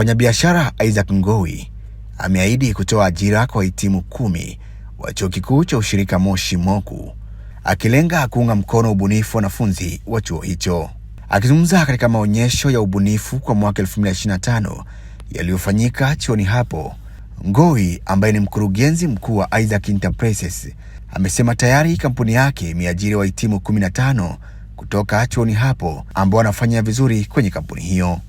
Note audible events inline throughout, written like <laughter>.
Mfanyabiashara Isaac Ngowi ameahidi kutoa ajira kwa wahitimu kumi wa Chuo Kikuu cha Ushirika Moshi MOCU, akilenga kuunga mkono ubunifu wa wanafunzi wa chuo hicho. Akizungumza katika maonyesho ya ubunifu kwa mwaka 2025 yaliyofanyika chuoni hapo, Ngowi ambaye ni mkurugenzi mkuu wa Isaac Enterprises amesema tayari kampuni yake imeajiri wahitimu 15 kutoka chuoni hapo ambao wanafanya vizuri kwenye kampuni hiyo.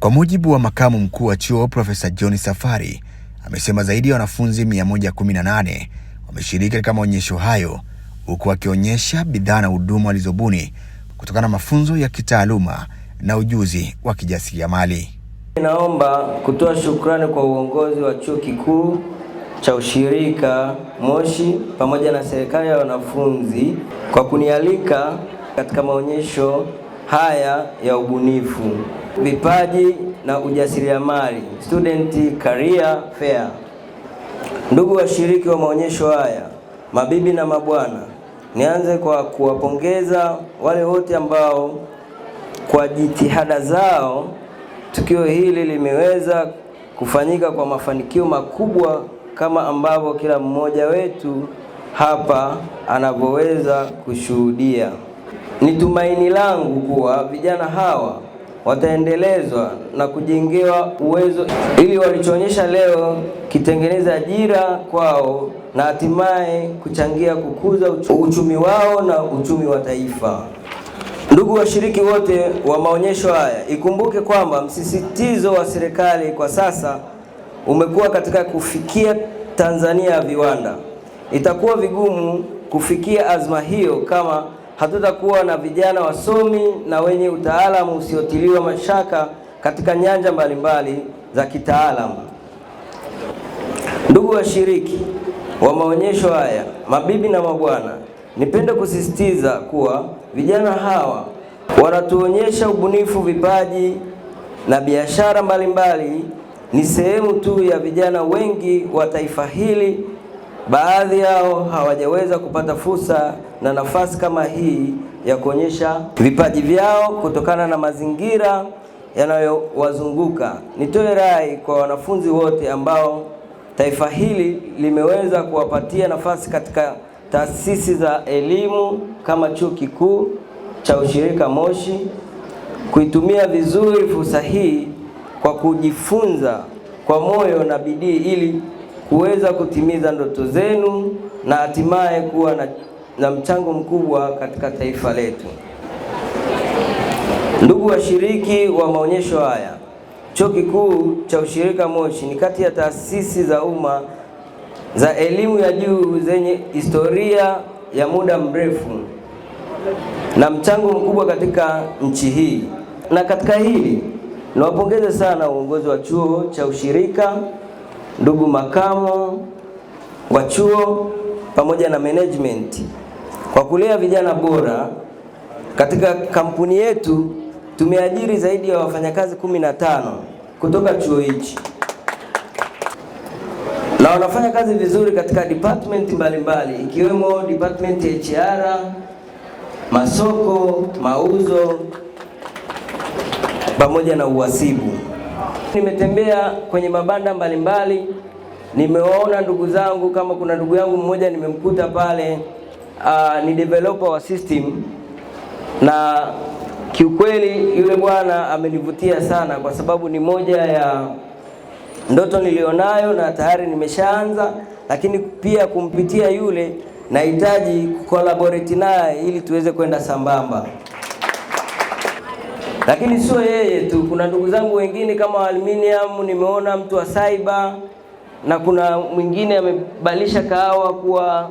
Kwa mujibu wa makamu mkuu wa chuo Profesa John Safari, amesema zaidi ya wanafunzi 118 wameshiriki katika maonyesho hayo, huku wakionyesha bidhaa na huduma walizobuni kutokana na mafunzo ya kitaaluma na ujuzi wa kijasiriamali. Naomba kutoa shukrani kwa uongozi wa chuo kikuu cha ushirika Moshi pamoja na serikali ya wanafunzi kwa kunialika katika maonyesho haya ya ubunifu, vipaji na ujasiriamali, Student Career Fair. Ndugu washiriki wa maonyesho haya, mabibi na mabwana, nianze kwa kuwapongeza wale wote ambao kwa jitihada zao tukio hili limeweza kufanyika kwa mafanikio makubwa kama ambavyo kila mmoja wetu hapa anavyoweza kushuhudia. Ni tumaini langu kuwa vijana hawa wataendelezwa na kujengewa uwezo ili walichoonyesha leo kitengeneza ajira kwao na hatimaye kuchangia kukuza uchumi wao na uchumi wa taifa. Ndugu washiriki wote wa maonyesho haya, ikumbuke kwamba msisitizo wa serikali kwa sasa umekuwa katika kufikia Tanzania ya viwanda. Itakuwa vigumu kufikia azma hiyo kama hatutakuwa na vijana wasomi na wenye utaalamu usiotiliwa mashaka katika nyanja mbalimbali za kitaalamu. Ndugu washiriki wa maonyesho haya, mabibi na mabwana, nipende kusisitiza kuwa vijana hawa wanatuonyesha ubunifu, vipaji na biashara mbalimbali ni sehemu tu ya vijana wengi wa taifa hili Baadhi yao hawajaweza kupata fursa na nafasi kama hii ya kuonyesha vipaji vyao kutokana na mazingira yanayowazunguka. Nitoe rai kwa wanafunzi wote ambao taifa hili limeweza kuwapatia nafasi katika taasisi za elimu kama Chuo Kikuu cha Ushirika Moshi kuitumia vizuri fursa hii kwa kujifunza kwa moyo na bidii ili kuweza kutimiza ndoto zenu na hatimaye kuwa na, na mchango mkubwa katika taifa letu. Ndugu washiriki wa maonyesho haya, Chuo Kikuu cha Ushirika Moshi ni kati ya taasisi za umma za elimu ya juu zenye historia ya muda mrefu na mchango mkubwa katika nchi hii. Na katika hili niwapongeze sana uongozi wa Chuo cha Ushirika ndugu makamu wa chuo pamoja na management kwa kulea vijana bora. Katika kampuni yetu tumeajiri zaidi ya wafanyakazi 15 kutoka chuo hichi na wanafanya kazi vizuri katika department mbalimbali ikiwemo department HR, masoko, mauzo pamoja na uhasibu. Nimetembea kwenye mabanda mbalimbali, nimewaona ndugu zangu. Kama kuna ndugu yangu mmoja nimemkuta pale, uh, ni developer wa system na kiukweli yule bwana amenivutia sana, kwa sababu ni moja ya ndoto nilionayo na tayari nimeshaanza, lakini pia kumpitia yule nahitaji kukolaborate naye ili tuweze kwenda sambamba. Lakini sio yeye tu, kuna ndugu zangu wengine kama aluminium, nimeona mtu wa cyber na kuna mwingine amebadilisha kahawa kuwa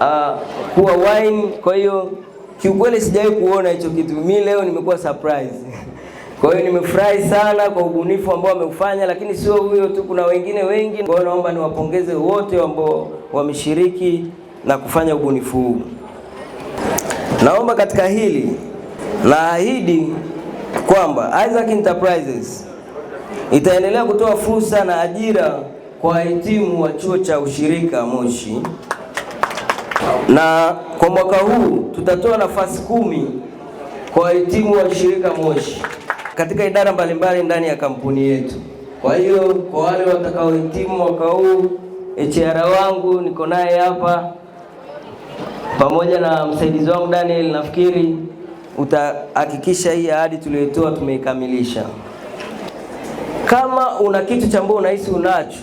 uh, kuwa wine. Kwa hiyo kiukweli sijawahi kuona hicho kitu, mi leo nimekuwa surprise <laughs> kwa hiyo nimefurahi sana kwa ubunifu ambao wameufanya, lakini sio huyo tu, kuna wengine wengi. Kwa hiyo naomba niwapongeze wote ambao wameshiriki na kufanya ubunifu huu. Naomba katika hili la ahidi kwamba Isaac Enterprises itaendelea kutoa fursa na ajira kwa wahitimu wa chuo cha ushirika Moshi, na kwa mwaka huu tutatoa nafasi kumi kwa wahitimu wa ushirika Moshi katika idara mbalimbali ndani ya kampuni yetu. Kwa hiyo kwa wale watakaohitimu mwaka huu, HR wangu niko naye hapa pamoja na msaidizi wangu Daniel nafikiri utahakikisha hii ahadi tuliyotoa tumeikamilisha. Kama una kitu cha mbona unahisi unacho,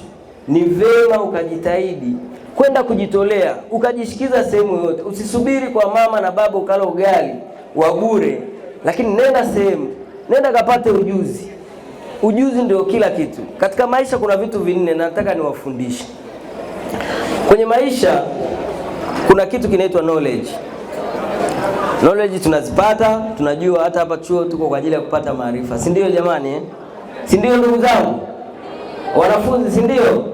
ni vema ukajitahidi kwenda kujitolea ukajishikiza sehemu yoyote. Usisubiri kwa mama na baba ukala ugali wa bure, lakini nenda sehemu, nenda kapate ujuzi. Ujuzi ndio kila kitu katika maisha. Kuna vitu vinne nataka niwafundishe kwenye maisha. Kuna kitu kinaitwa knowledge knowledge tunazipata, tunajua hata hapa chuo tuko kwa ajili ya kupata maarifa, si ndio jamani eh? si ndio ndugu zangu wanafunzi, si ndio?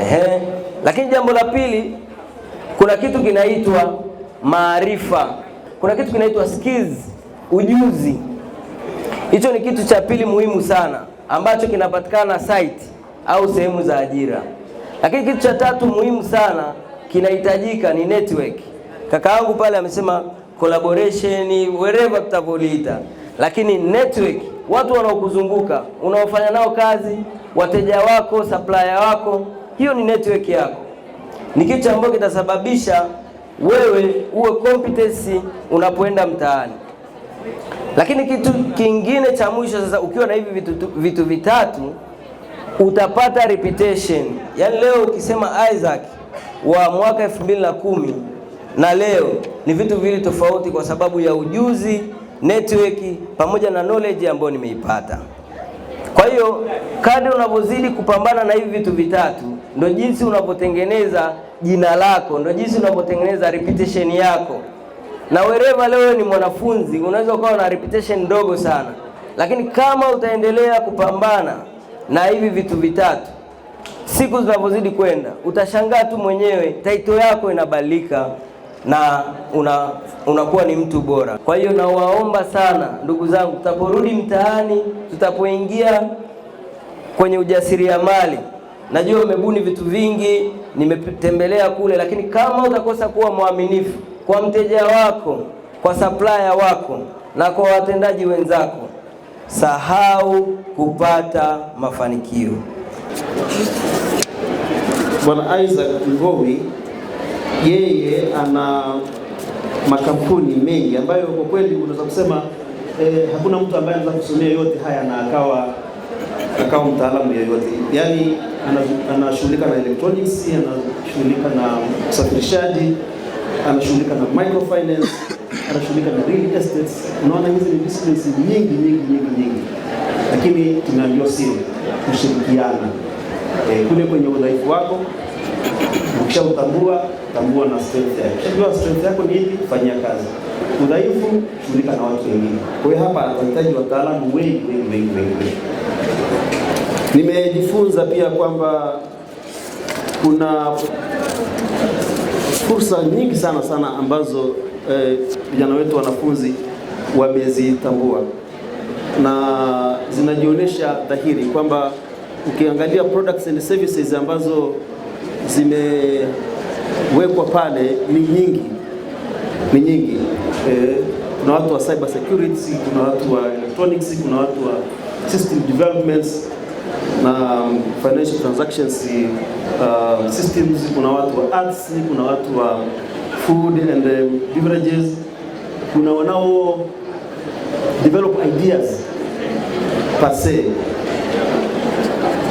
Ehe. Lakini jambo la pili, kuna kitu kinaitwa maarifa, kuna kitu kinaitwa skills, ujuzi. Hicho ni kitu cha pili muhimu sana ambacho kinapatikana site au sehemu za ajira. Lakini kitu cha tatu muhimu sana kinahitajika ni network. Kaka yangu pale amesema collaboration, wherever tutavoliita, lakini network, watu wanaokuzunguka unaofanya nao kazi, wateja wako, supplier wako, hiyo ni network yako, ni kitu ambacho kitasababisha wewe uwe competence unapoenda mtaani. Lakini kitu kingine cha mwisho sasa, ukiwa na hivi vitu, vitu vitatu utapata reputation. Yaani leo ukisema Isaac wa mwaka 2010 na leo ni vitu viwili tofauti, kwa sababu ya ujuzi, network pamoja na knowledge ambayo nimeipata. Kwa hiyo kadri unavyozidi kupambana na hivi vitu vitatu, ndo jinsi unavyotengeneza jina lako, ndo jinsi unavyotengeneza reputation yako. Na wereva leo ni mwanafunzi, unaweza ukawa na reputation ndogo sana, lakini kama utaendelea kupambana na hivi vitu vitatu, siku zinavyozidi kwenda, utashangaa tu mwenyewe title yako inabadilika na una unakuwa ni mtu bora. Kwa hiyo nawaomba sana ndugu zangu, tutaporudi mtaani, tutapoingia kwenye ujasiriamali, najua umebuni vitu vingi, nimetembelea kule, lakini kama utakosa kuwa mwaminifu kwa mteja wako, kwa supplier wako na kwa watendaji wenzako, sahau kupata mafanikio. Bwana Isaac Mgowi yeye ana makampuni mengi ambayo kwa kweli unaweza kusema eh, hakuna mtu ambaye anaweza kusomea yote haya na akawa akawa mtaalamu yoyote Yaani anashughulika na electronics, anashughulika na usafirishaji, anashughulika na microfinance, anashughulika na real estate. Unaona, hizi ni business nyingi nyingi nyingi nyingi, lakini tumeambiwa siri kushirikiana, eh, kule kwenye udhaifu wako utambua tambua na strength yako, ukishajua strength yako ni ipi, fanyia kazi. Udhaifu, shughulika na watu wengine. Kwa hiyo hapa tunahitaji wataalamu wengi wengi wengi wengi. Nimejifunza pia kwamba kuna fursa nyingi sana sana ambazo eh, vijana eh, wetu wanafunzi wamezitambua na zinajionyesha dhahiri kwamba ukiangalia products and services ambazo zimewekwa pale ni nyingi, ni nyingi eh, kuna watu wa cyber security, kuna watu wa electronics, kuna watu wa system developments na um, financial transactions uh, systems, kuna watu wa arts, kuna watu wa food and um, beverages, kuna wanao develop ideas per se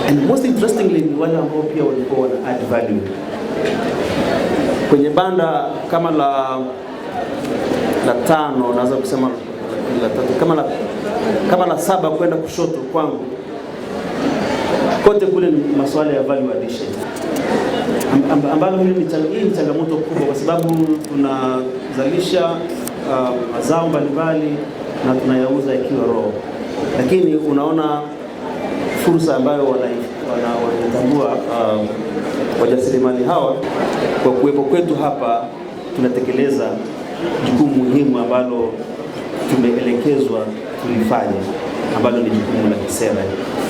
And most interestingly ni wale ambao pia walikuwa wana add value kwenye banda kama la la tano, naweza kusema la tatu, kama la, kama la saba kwenda kushoto kwangu, kote kule ni masuala ya value addition ambalo hili ni changamoto kubwa, kwa sababu tunazalisha uh, mazao um, mbalimbali na tunayauza ikiwa roho, lakini unaona fursa ambayo wanaitambua wana, um, wajasiriamali hawa. Kwa kuwepo kwetu hapa, tunatekeleza jukumu muhimu ambalo tumeelekezwa tulifanye, ambalo ni jukumu la kisera.